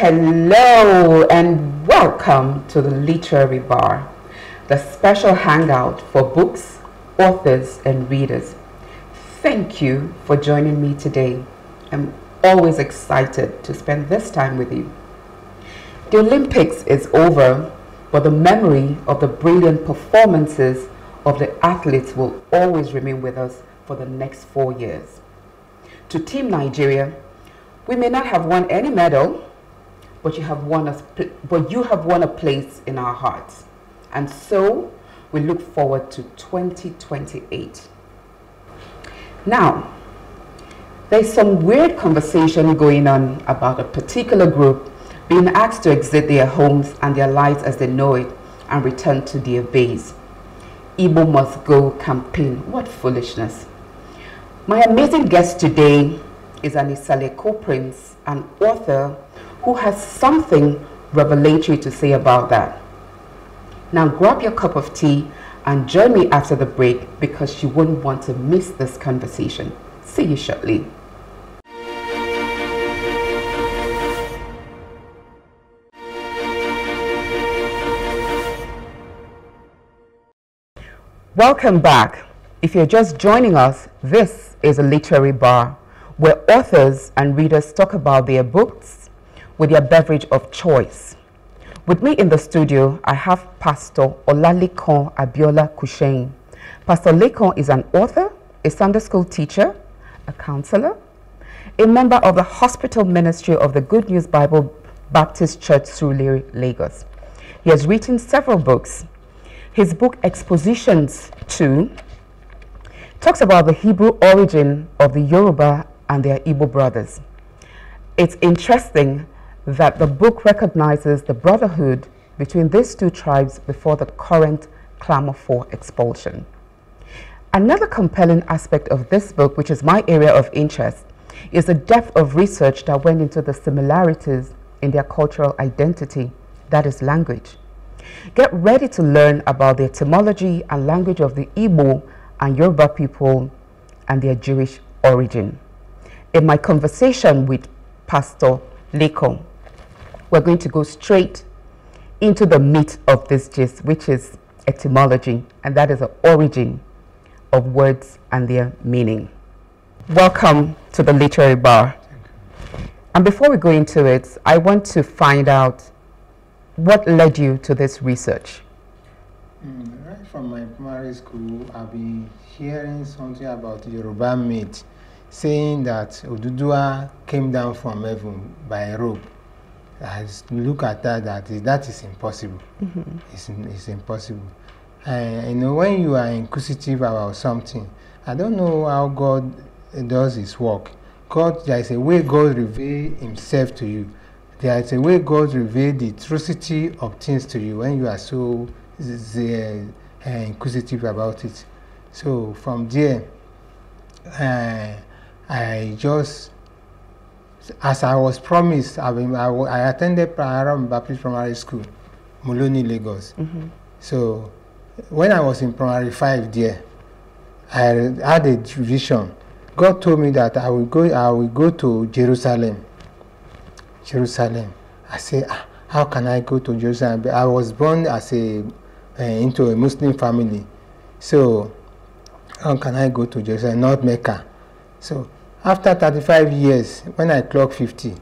Hello and welcome to the Literary Bar, the special hangout for books, authors, and readers. Thank you for joining me today. I'm always excited to spend this time with you. The Olympics is over, but the memory of the brilliant performances of the athletes will always remain with us for the next four years. To Team Nigeria, we may not have won any medal, but you have won us, but you have won a place in our hearts. And so we look forward to 2028. Now, there's some weird conversation going on about a particular group being asked to exit their homes and their lives as they know it and return to their base. Igbo Must Go campaign. What foolishness. My amazing guest today is Anisale Prince, an author who has something revelatory to say about that. Now grab your cup of tea and join me after the break because you wouldn't want to miss this conversation. See you shortly. Welcome back. If you're just joining us, this is a literary bar where authors and readers talk about their books, with your beverage of choice. With me in the studio, I have Pastor Olalikon Abiola Kushain. Pastor Lekon is an author, a Sunday school teacher, a counselor, a member of the hospital ministry of the Good News Bible Baptist Church, through Lagos. He has written several books. His book, Expositions 2, talks about the Hebrew origin of the Yoruba and their Igbo brothers. It's interesting that the book recognizes the brotherhood between these two tribes before the current clamor for expulsion. Another compelling aspect of this book, which is my area of interest, is the depth of research that went into the similarities in their cultural identity, that is language. Get ready to learn about the etymology and language of the Ibo and Yoruba people and their Jewish origin. In my conversation with Pastor Leko, we're going to go straight into the meat of this gist, which is etymology, and that is the origin of words and their meaning. Welcome to the Literary Bar. And before we go into it, I want to find out what led you to this research. Mm, right from my primary school, I've been hearing something about Yoruba myth, saying that Oduduwa came down from heaven by rope I look at that. that is, that is impossible. Mm -hmm. It's, it's impossible. And you know, when you are inquisitive about something, I don't know how God does His work. God, there is a way God reveals Himself to you. There is a way God reveals the atrocity of things to you when you are so uh, inquisitive about it. So from there, uh, I just as I was promised, I, mean, I, I attended Baptist Primary School, Muluni, Lagos. Mm -hmm. So when I was in primary five there, I had a vision. God told me that I will go, I will go to Jerusalem. Jerusalem. I said, ah, how can I go to Jerusalem? I was born as a uh, into a Muslim family, so how can I go to Jerusalem, not Mecca? So After 35 years, when I clocked 50,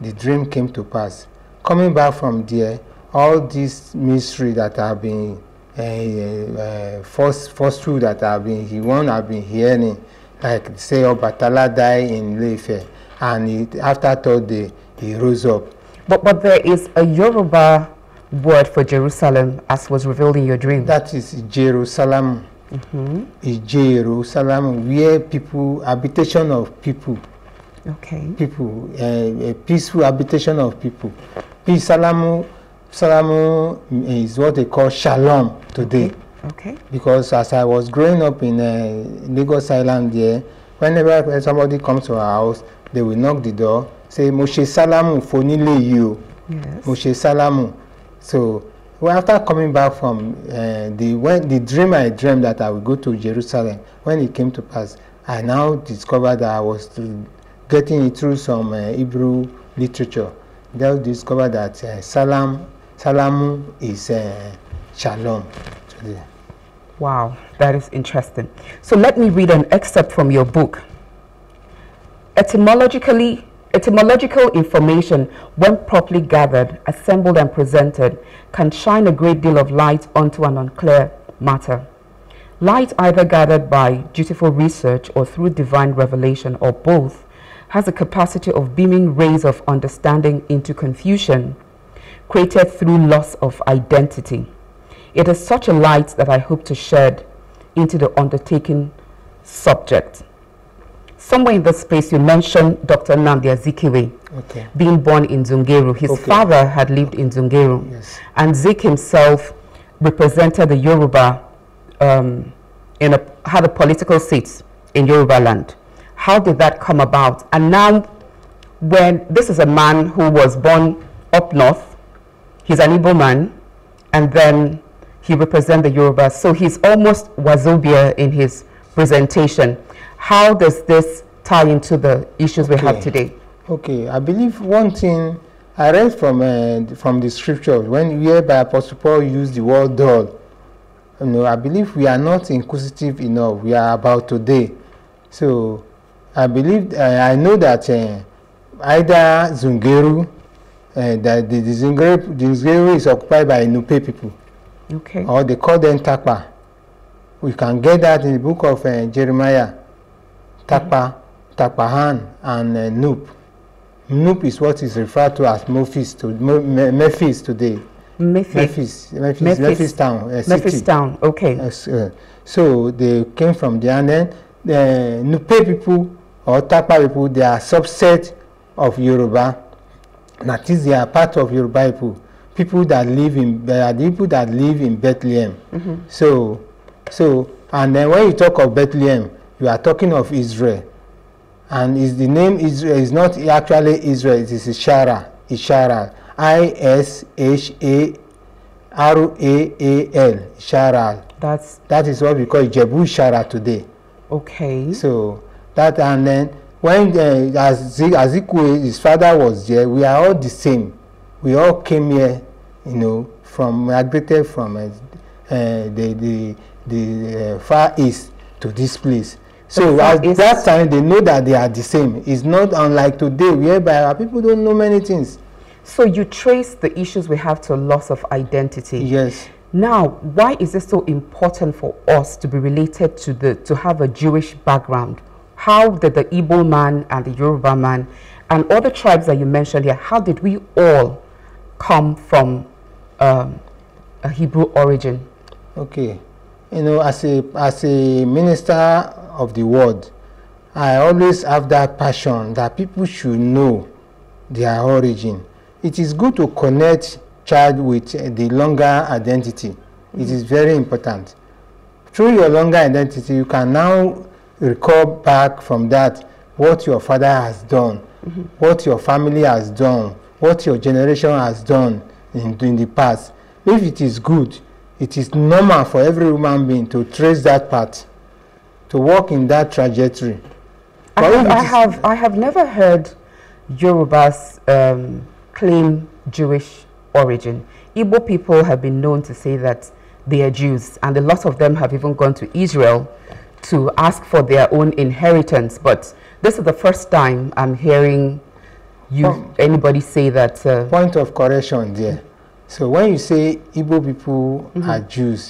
the dream came to pass. Coming back from there, all this mystery that I've been uh, uh, first, first two that I've been he won't have been hearing, like say Obatala died in Leife, and it, after third day he rose up. But but there is a Yoruba word for Jerusalem, as was revealed in your dream. That is Jerusalem. mm -hmm. is Jerusalem, where people, habitation of people. Okay. People, uh, a peaceful habitation of people. Peace, salamu, salamu is what they call shalom today. Okay. okay. Because as I was growing up in uh, Lagos Island there, whenever somebody comes to our house, they will knock the door, say, Moshe Salamu, Fonile you. Yes. Moshe Salamu. So well, after coming back from uh, the when the dream I dreamed that I would go to Jerusalem, when it came to pass, I now discovered that I was getting it through some uh, Hebrew literature. I discovered that uh, salam salamu is shalom. Today. Wow, that is interesting. So let me read an excerpt from your book. Etymologically, Etymological information, when properly gathered, assembled and presented, can shine a great deal of light onto an unclear matter. Light either gathered by dutiful research or through divine revelation or both has a capacity of beaming rays of understanding into confusion created through loss of identity. It is such a light that I hope to shed into the undertaking subject somewhere in the space you mentioned Dr. Namdi Azikiwe okay. being born in Zungeru. His okay. father had lived in Zungeru. Yes. And Zik himself represented the Yoruba, um, in a, had a political seat in Yoruba land. How did that come about? And now when this is a man who was born up north, he's an Igbo man, and then he represents the Yoruba. So he's almost Wazobia in his presentation how does this tie into the issues okay. we have today? Okay, I believe one thing I read from uh, from the scripture when by Apostle Paul used the word dull. You know, I believe we are not inquisitive enough. We are about today, so I believe uh, I know that uh, either Zungeru, uh, that the, the Zungeru, the Zungeru is occupied by Nupe people, okay, or they call them Takpa. We can get that in the book of uh, Jeremiah Tapa, Tapahan, and uh, Nup. Nup is what is referred to as Memphis, to, Memphis today. Memphis. Memphis, Memphis, town. Uh, Memphis town, okay. Uh, so they came from there and then the uh, Nupe people or Tapa people, they are subset of Yoruba. That is, they are part of Yoruba people. People that live in, they are people that live in Bethlehem. Mm -hmm. So, so, and then when you talk of Bethlehem, we are talking of Israel and is the name Israel is not actually Israel it is Ishara Ishara I S H A R A A L Ishara. That's that is what we call Jebu Ishara today. Okay. So that and then when uh, as Azikwe his father was there we are all the same we all came here you know from migrated from uh, uh, the the the uh, far east to this place So at is, that time, they know that they are the same. It's not unlike today, whereby our people don't know many things. So you trace the issues we have to loss of identity. Yes. Now, why is it so important for us to be related to the to have a Jewish background? How did the Igbo man and the Yoruba man and other tribes that you mentioned here, how did we all come from um, a Hebrew origin? Okay. You know, as a, as a minister of the world, I always have that passion that people should know their origin. It is good to connect child with the longer identity. It is very important. Through your longer identity, you can now recall back from that what your father has done, mm -hmm. what your family has done, what your generation has done in, in the past. If it is good, it is normal for every human being to trace that path. to walk in that trajectory. I have, I have, I have never heard Yorubas um, claim Jewish origin. Igbo people have been known to say that they are Jews, and a lot of them have even gone to Israel to ask for their own inheritance. But this is the first time I'm hearing you anybody say that. Uh, point of correction there. So when you say Igbo people mm -hmm. are Jews,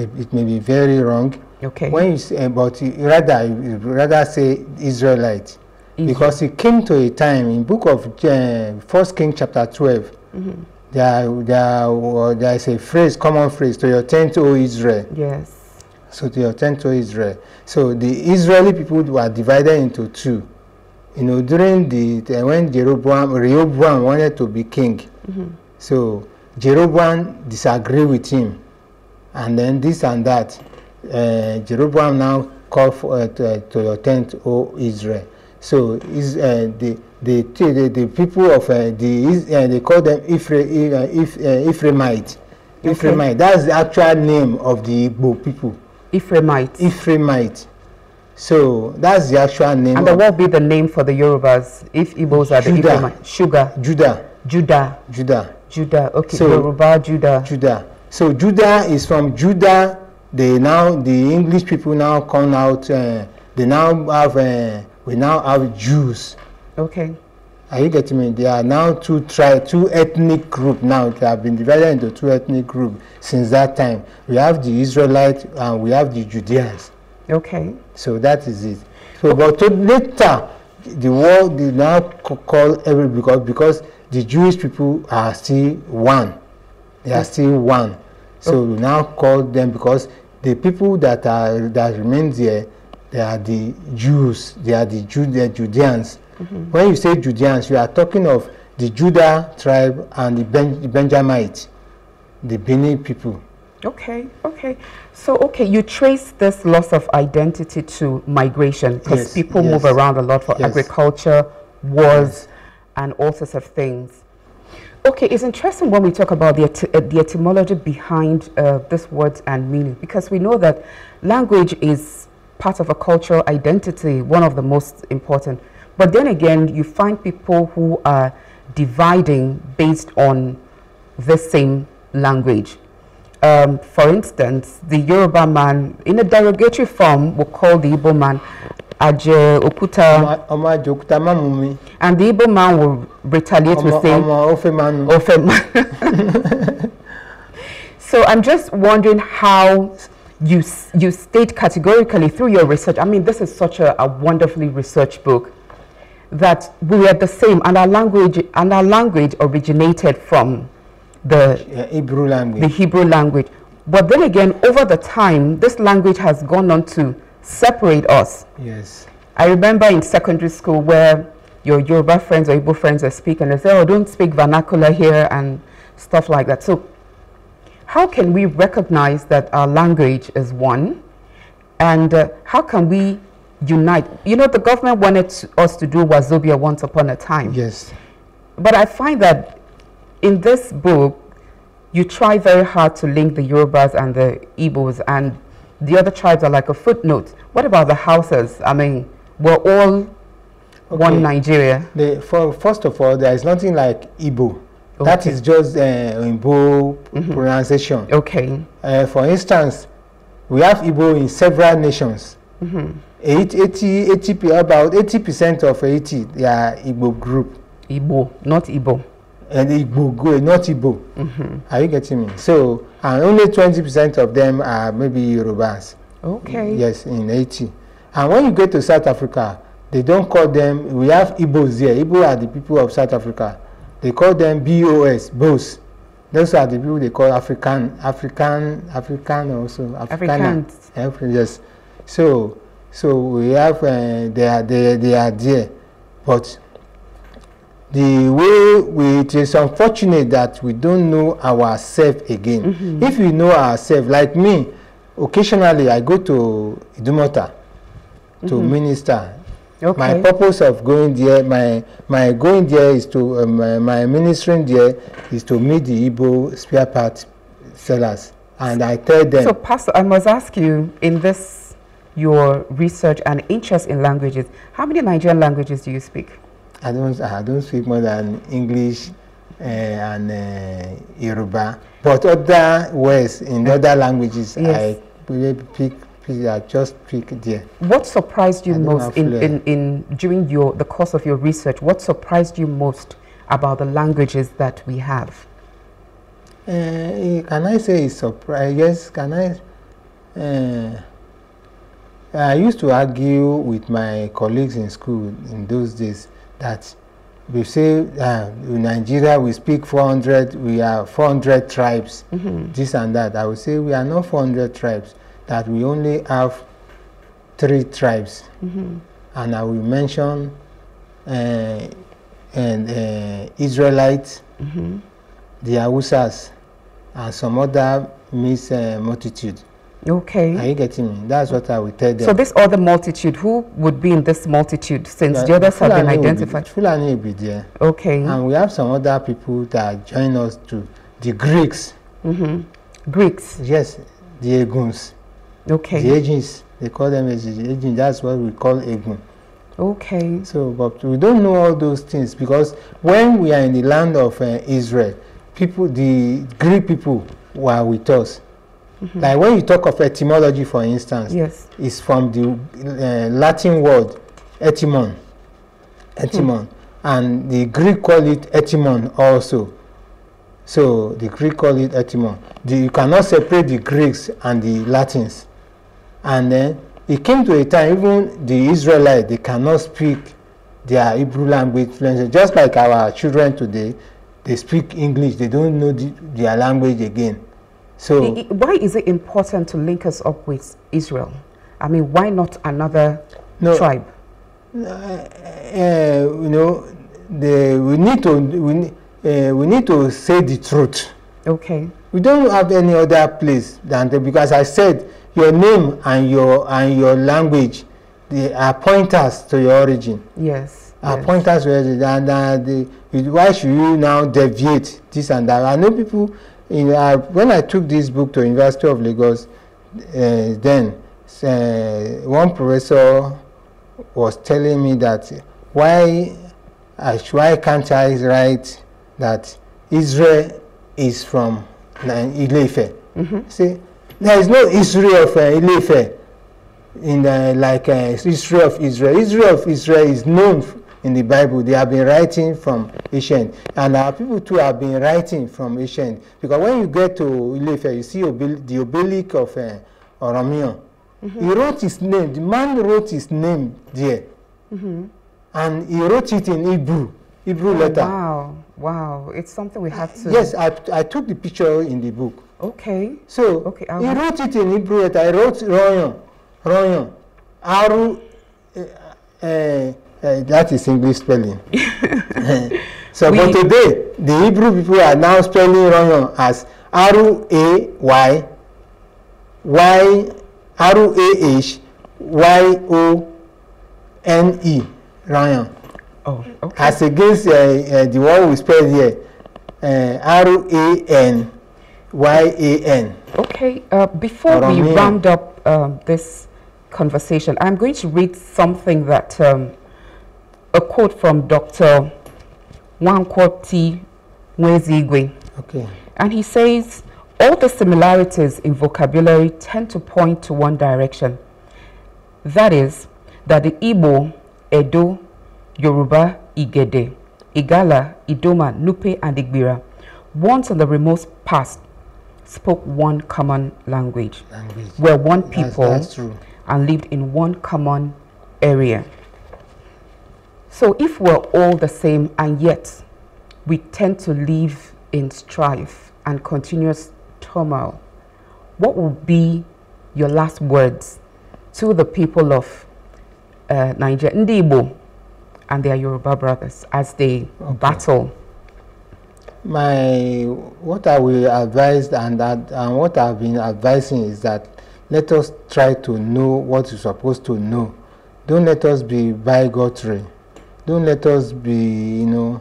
it, it may be very wrong Okay. When you say, eh, but rather rather say Israelite, Israel. because it came to a time in Book of eh, First King chapter twelve. Mm-hmm. There, there, uh, there is a phrase, common phrase, to your tent, O Israel. Yes. So to your tent, O Israel. So the Israeli people were divided into two. You know, during the when Jeroboam, Rehoboam wanted to be king, mm-hmm. so Jeroboam disagreed with him, and then this and that. uh, Jeroboam now called for, uh, to, uh, to O Israel. So is, uh, the, the, the, the people of uh, the uh, they call them Ephra, uh, Eph, uh, Ephraimite. Okay. Ephraimite. That's the actual name of the Igbo people. Ephraimite. Ephraimite. So that's the actual name. And what will be the name for the Yorubas if Igbos are Judah. the Ephraimite? Sugar. Judah. Judah. Judah. Judah. Okay. So, Yoruba Judah. Judah. So Judah is from Judah they now the English people now come out. Uh, they now have uh, we now have Jews. Okay. Are you getting me? There are now two tri two ethnic group now. They have been divided into two ethnic group since that time. We have the Israelites and we have the Judeans. Okay. So that is it. So, okay. but later, the world did not call every because because the Jewish people are still one. They are mm. still one. So okay. we now call them because the people that are that remain there, they are the Jews, they are the Jew, Judeans. Mm -hmm. When you say Judeans, you are talking of the Judah tribe and the, ben, the Benjamites, the Beni people. Okay, okay. So, okay, you trace this loss of identity to migration because yes, people yes. move around a lot for yes. agriculture, wars, and all sorts of things. Okay, it's interesting when we talk about the, eh, the etymology behind uh, word and meaning, because we know that language is part of a cultural identity, one of the most important. But then again, you find people who are dividing based on the same language. Um, for instance, the Yoruba man, in a derogatory form, will call the Igbo man àjẹ òkúta. àjẹ òkúta and the Igbo man will retaliate with saying ọmọ ọfẹ manu. ọfẹ manu. so I'm just wondering how you you state categorically through your research. I mean, this is such a, a wonderfully researched book that we are the same, and our language and our language originated from the yeah, Hebrew language. The Hebrew language. But then again, over the time, this language has gone on to separate us. Yes. I remember in secondary school where your Yoruba friends or Igbo friends are speaking, they say, oh, don't speak vernacular here and stuff like that. So how can we recognize that our language is one? And uh, how can we unite? You know, the government wanted to, us to do Wazobia once upon a time. Yes. But I find that in this book, you try very hard to link the Yorubas and the Igbos and the other tribes are like a footnote. What about the houses? I mean, we're all okay. one Nigeria. The, for, first of all, there is nothing like Igbo. Okay. That is just uh, Igbo mm -hmm. pronunciation. Okay. Uh, for instance, we have Igbo in several nations. Mm -hmm. 80, 80, 80, about 80% of 80, they are Igbo group. Igbo, not Igbo. and Igbo go, not Igbo. Mm -hmm. Are you getting me? So, and only percent of them are maybe Yorubas. Okay. Yes, in Haiti. And when you get to South Africa, they don't call them, we have Igbos there. Igbo are the people of South Africa. They call them BOS, BOS. Those are the people they call African, African, African also. Africana. Africans. yes. So, so we have, uh, they, are, they, they are there. But the way we it is unfortunate that we don't know ourselves again mm -hmm. if we know ourselves like me occasionally i go to idumota to mm -hmm. minister okay. my purpose of going there my my going there is to um, uh, my, my ministering there is to meet the Igbo spare part sellers and i tell them so pastor i must ask you in this your research and interest in languages how many nigerian languages do you speak I don't I don't speak more than English uh, and uh, Yoruba, but other words in other languages yes. I pick, just pick there. What surprised you most in, in, in during your the course of your research? What surprised you most about the languages that we have? Uh, can I say surprise? Yes, can I? Uh, I used to argue with my colleagues in school in those days that we say uh, in Nigeria we speak 400, we are 400 tribes, mm -hmm. this and that. I would say we are not 400 tribes, that we only have three tribes. Mm -hmm. And I will mention uh, and uh, Israelites, mm -hmm. the Hausas, and some other mixed uh, multitude. Okay. Are you getting me? That's what I will tell them. So this other multitude, who would be in this multitude since yeah, the others Fulani have been identified? be, Fulani will be there. Okay. And we have some other people that join us too. The Greeks. Mm -hmm. Greeks? Yes, the Eguns. Okay. The agents, they call them agents. That's what we call Egun. Okay. So, but we don't know all those things because when we are in the land of uh, Israel, people, the Greek people were with us hmm Like when you talk of etymology, for instance, yes, it's from the uh, Latin word etymon, etymon, hmm. and the Greek call it etymon also. So the Greek call it etymon. The, you cannot separate the Greeks and the Latins. And then it came to a time even the Israelites they cannot speak their Hebrew language fluently. Just like our children today, they speak English. They don't know the, their language again. So why is it important to link us up with Israel? I mean, why not another no, tribe? Uh, uh, you know, the, we need to we, uh, we need to say the truth. Okay. We don't have any other place than that because I said your name and your and your language they are pointers to your origin. Yes. Are yes. pointers to your origin. And, the, why should you now deviate this and that? I know people in, uh, when I took this book to University of Lagos, uh, then uh, one professor was telling me that why, I, why can't I write that Israel is from Ilefe? Mm -hmm. See, there is no Israel of uh, Ilefe in the, like uh, Israel of Israel. Israel of Israel is known in the Bible. They have been writing from ancient. And our people too have been writing from ancient. Because when you get to Ilefe, you see obel the obelisk of uh, eh, Oromion. Mm -hmm. He wrote his name. The man wrote his name there. Mm -hmm. And he wrote it in Hebrew, Hebrew oh, letter. Wow, wow. It's something we have to... Yes, I, I took the picture in the book. Okay. So, okay, I'll he wrote it in Hebrew letter. I wrote Royon, Royon, Aru, uh, uh, Eh, that is English spelling. so, we, but today, the Hebrew people are now spelling Ronyon as R-A-Y, Y, R-A-H, Y-O-N-E, Ronyon. Oh, okay. As against uh, uh, the one we spell here, uh, R-A-N-Y-A-N. Okay, uh, before Ronion. we round up um, this conversation, I'm going to read something that um, a quote from Dr. Wankwati Mwezigwe. Okay. And he says, all the similarities in vocabulary tend to point to one direction. That is, that the Igbo, Edo, Yoruba, Igede, Igala, Idoma, Nupe, and Igbira, once in the remote past, spoke one common language, language. were one people that's, that's and lived in one common area. So if we're all the same and yet we tend to live in strife and continuous turmoil, what will be your last words to the people of uh, Nigeria, Ndibo, and their Yoruba brothers as they okay. battle? My what I will advise and, and what I've been advising is that let us try to know what you're supposed to know. Don't let us be bigotry. Don't let us be, you know,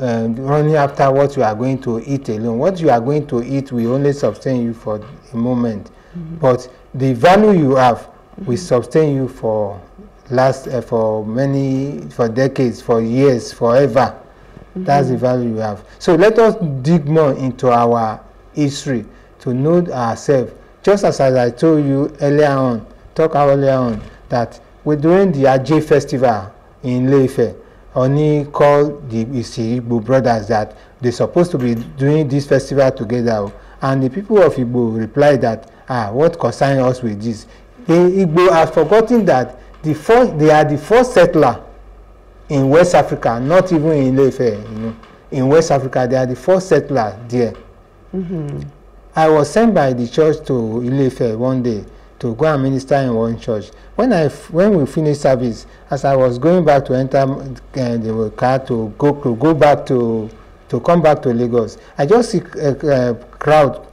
uh, running after what you are going to eat alone. What you are going to eat will only sustain you for a moment, mm-hmm. but the value you have mm-hmm. will sustain you for last uh, for many for decades, for years, forever. Mm-hmm. That's the value you have. So let us dig more into our history to know ourselves. Just as, as I told you earlier on, talk earlier on that we're doing the Aj festival in Leife, Oni called the Isigbo brothers that they supposed to be doing this festival together. Oh. And the people of Igbo replied that, ah, what concern us with this? The Igbo have forgotten that the first, they are the first settler in West Africa, not even in Leife, you know. In West Africa, they are the first settler there. Mm-hmm. I was sent by the church to Ilefe one day to go and minister in one church. When I when we finished service, as I was going back to enter uh, the car to go to go back to to come back to Lagos, I just see a, eh, a eh, crowd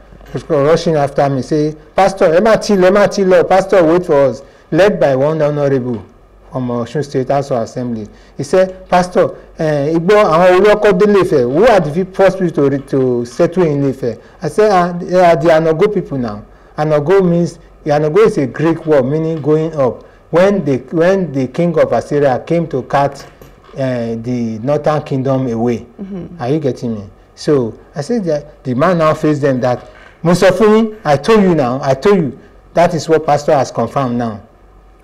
rushing after me say, Pastor, Emati, Emati, Lord, Pastor, wait for us, led by one honourable from Osun State House of Assembly. He said, Pastor, uh, Igbo, àwọn orí ọkọ dé ilé who are the first people to, to settle in Ilé-Ifẹ̀? I said, ah, they are the Anago people now. Anago means Yanago is a Greek word meaning going up. When the, when the king of Assyria came to cut uh, the northern kingdom away. Mm-hmm. Are you getting me? So I said that the man now faced them that, Musafuni, I told you now, I told you. That is what pastor has confirmed now.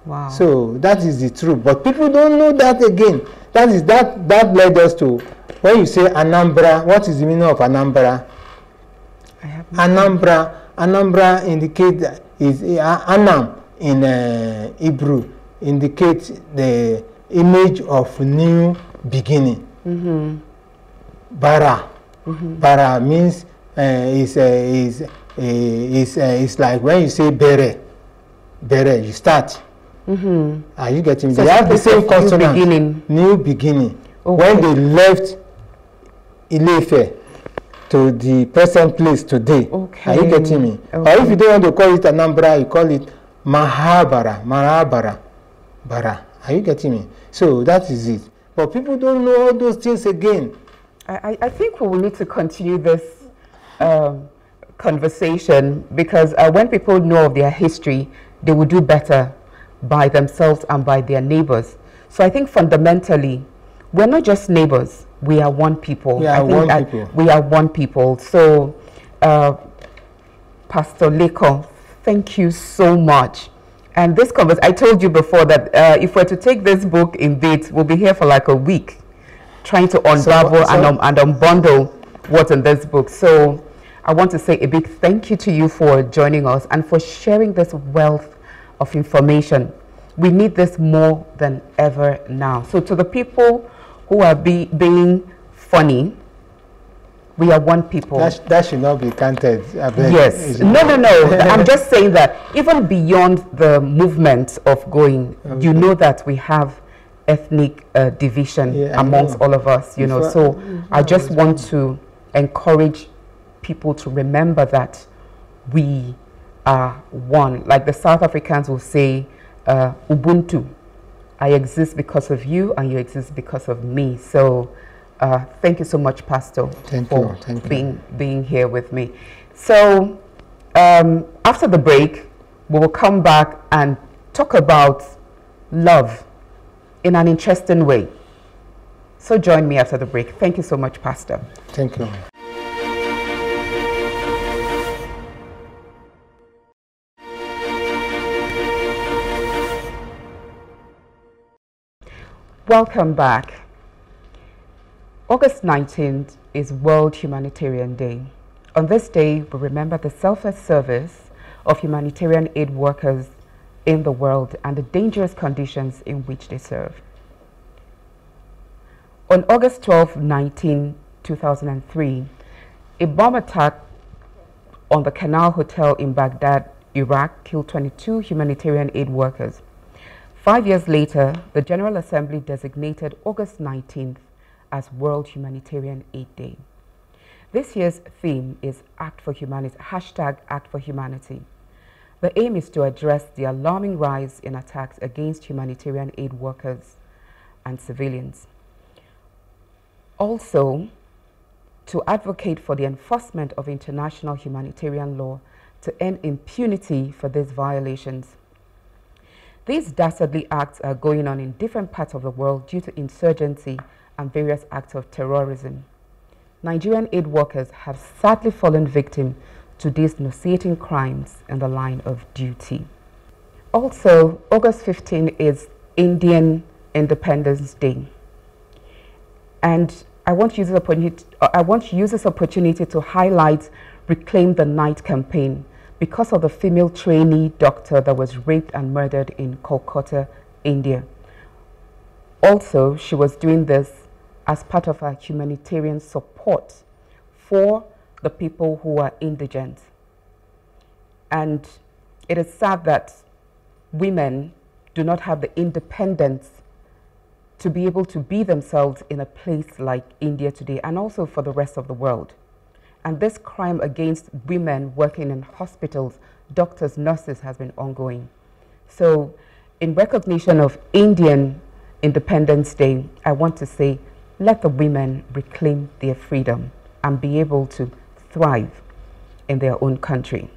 Wow. So that is the truth. But people don't know that again. That is that that led us to when you say Anambra, what is the meaning of Anambra? I have Anambra. Anambra indicate that is uh, Anam in uh, Hebrew indicates the image of new beginning. Mm -hmm. Bara. Mm -hmm. Bara means uh, is, uh, is, uh, is, uh, is like when you say bere, bere, you start. Mm -hmm. Are you getting So they have the same consonant. New beginning. New beginning. Okay. When they left ile to the present place today. Okay. Are you getting me? Okay. Or if you don't want to call it Anambra, you call it Mahabara, mahabara, Bara. Are you getting me? So that is it. But people don't know all those things again. I, I think we will need to continue this um, conversation because uh, when people know of their history, they will do better by themselves and by their neighbors. So I think fundamentally, we're not just neighbors we are one people. We are one people. We are one people. So, uh, Pastor Leko, thank you so much. And this conversation, I told you before that uh, if we're to take this book in bits, we'll be here for like a week trying to unravel so, so and, um, and unbundle what's in this book. So I want to say a big thank you to you for joining us and for sharing this wealth of information. We need this more than ever now. So to the people who are be, being funny, we are one people. That, sh that should not be counted. yes. No, no, no. I'm just saying that even beyond the movement of going, okay. you know that we have ethnic uh, division yeah, amongst all of us, you know. So I just want to encourage people to remember that we are one. Like the South Africans will say, uh, Ubuntu I exist because of you and you exist because of me. So uh, thank you so much, Pastor, thank for you, being, you. being here with me. So um, after the break, we will come back and talk about love in an interesting way. So join me after the break. Thank you so much, Pastor. Thank you. Welcome back. August 19th is World Humanitarian Day. On this day, we remember the selfless service of humanitarian aid workers in the world and the dangerous conditions in which they serve. On August 12, 19, 2003, a bomb attack on the Canal Hotel in Baghdad, Iraq, killed 22 humanitarian aid workers Five years later, the General Assembly designated August 19th as World Humanitarian Aid Day. This year's theme is Act for Humanity, hashtag Act for Humanity. The aim is to address the alarming rise in attacks against humanitarian aid workers and civilians. Also, to advocate for the enforcement of international humanitarian law to end impunity for these violations. These dastardly acts are going on in different parts of the world due to insurgency and various acts of terrorism. Nigerian aid workers have sadly fallen victim to these nauseating crimes in the line of duty. Also, August 15 is Indian Independence Day. And I want to use this opportunity, I want to use this opportunity to highlight Reclaim the Night campaign, because of the female trainee doctor that was raped and murdered in Kolkata, India. Also, she was doing this as part of her humanitarian support for the people who are indigent. And it is sad that women do not have the independence to be able to be themselves in a place like India today and also for the rest of the world. And this crime against women working in hospitals, doctors, nurses has been ongoing. So in recognition of Indian Independence Day, I want to say, let the women reclaim their freedom and be able to thrive in their own country.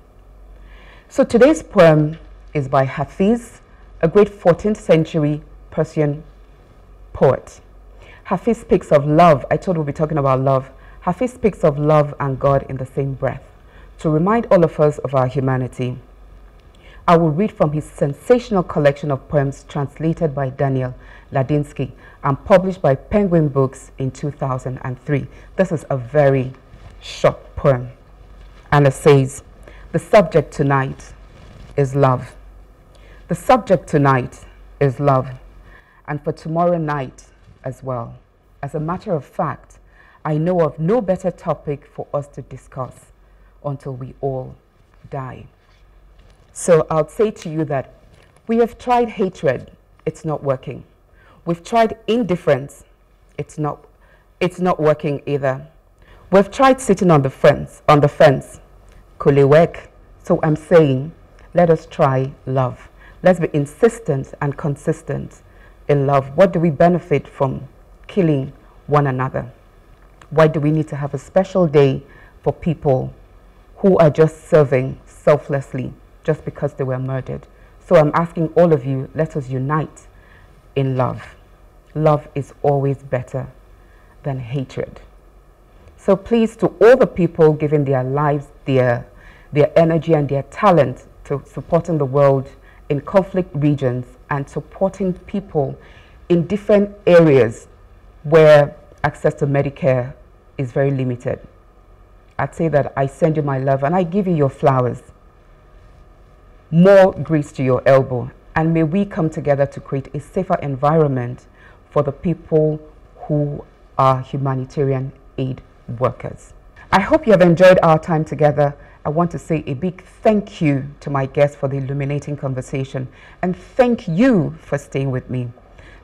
So today's poem is by Hafiz, a great 14th century Persian poet. Hafiz speaks of love. I told we'll be talking about love. Hafiz speaks of love and God in the same breath to remind all of us of our humanity. I will read from his sensational collection of poems translated by Daniel Ladinsky and published by Penguin Books in 2003. This is a very short poem. And it says, the subject tonight is love. The subject tonight is love. And for tomorrow night as well. As a matter of fact, I know of no better topic for us to discuss until we all die. So I'll say to you that we have tried hatred, it's not working. We've tried indifference, it's not, it's not working either. We've tried sitting on the fence, on the fence, could work? So I'm saying, let us try love. Let's be insistent and consistent in love. What do we benefit from killing one another? why do we need to have a special day for people who are just serving selflessly just because they were murdered? So I'm asking all of you, let us unite in love. Love is always better than hatred. So please, to all the people giving their lives, their, their energy and their talent to supporting the world in conflict regions and supporting people in different areas where access to Medicare is very limited. I'd say that I send you my love and I give you your flowers. More grace to your elbow. And may we come together to create a safer environment for the people who are humanitarian aid workers. I hope you have enjoyed our time together. I want to say a big thank you to my guests for the illuminating conversation and thank you for staying with me.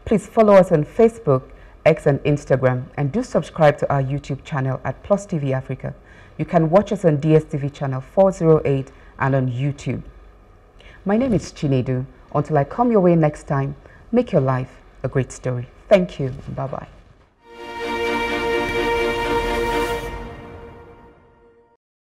Please follow us on Facebook X and Instagram, and do subscribe to our YouTube channel at Plus TV Africa. You can watch us on DSTV channel 408 and on YouTube. My name is Chinedu. Until I come your way next time, make your life a great story. Thank you. Bye-bye.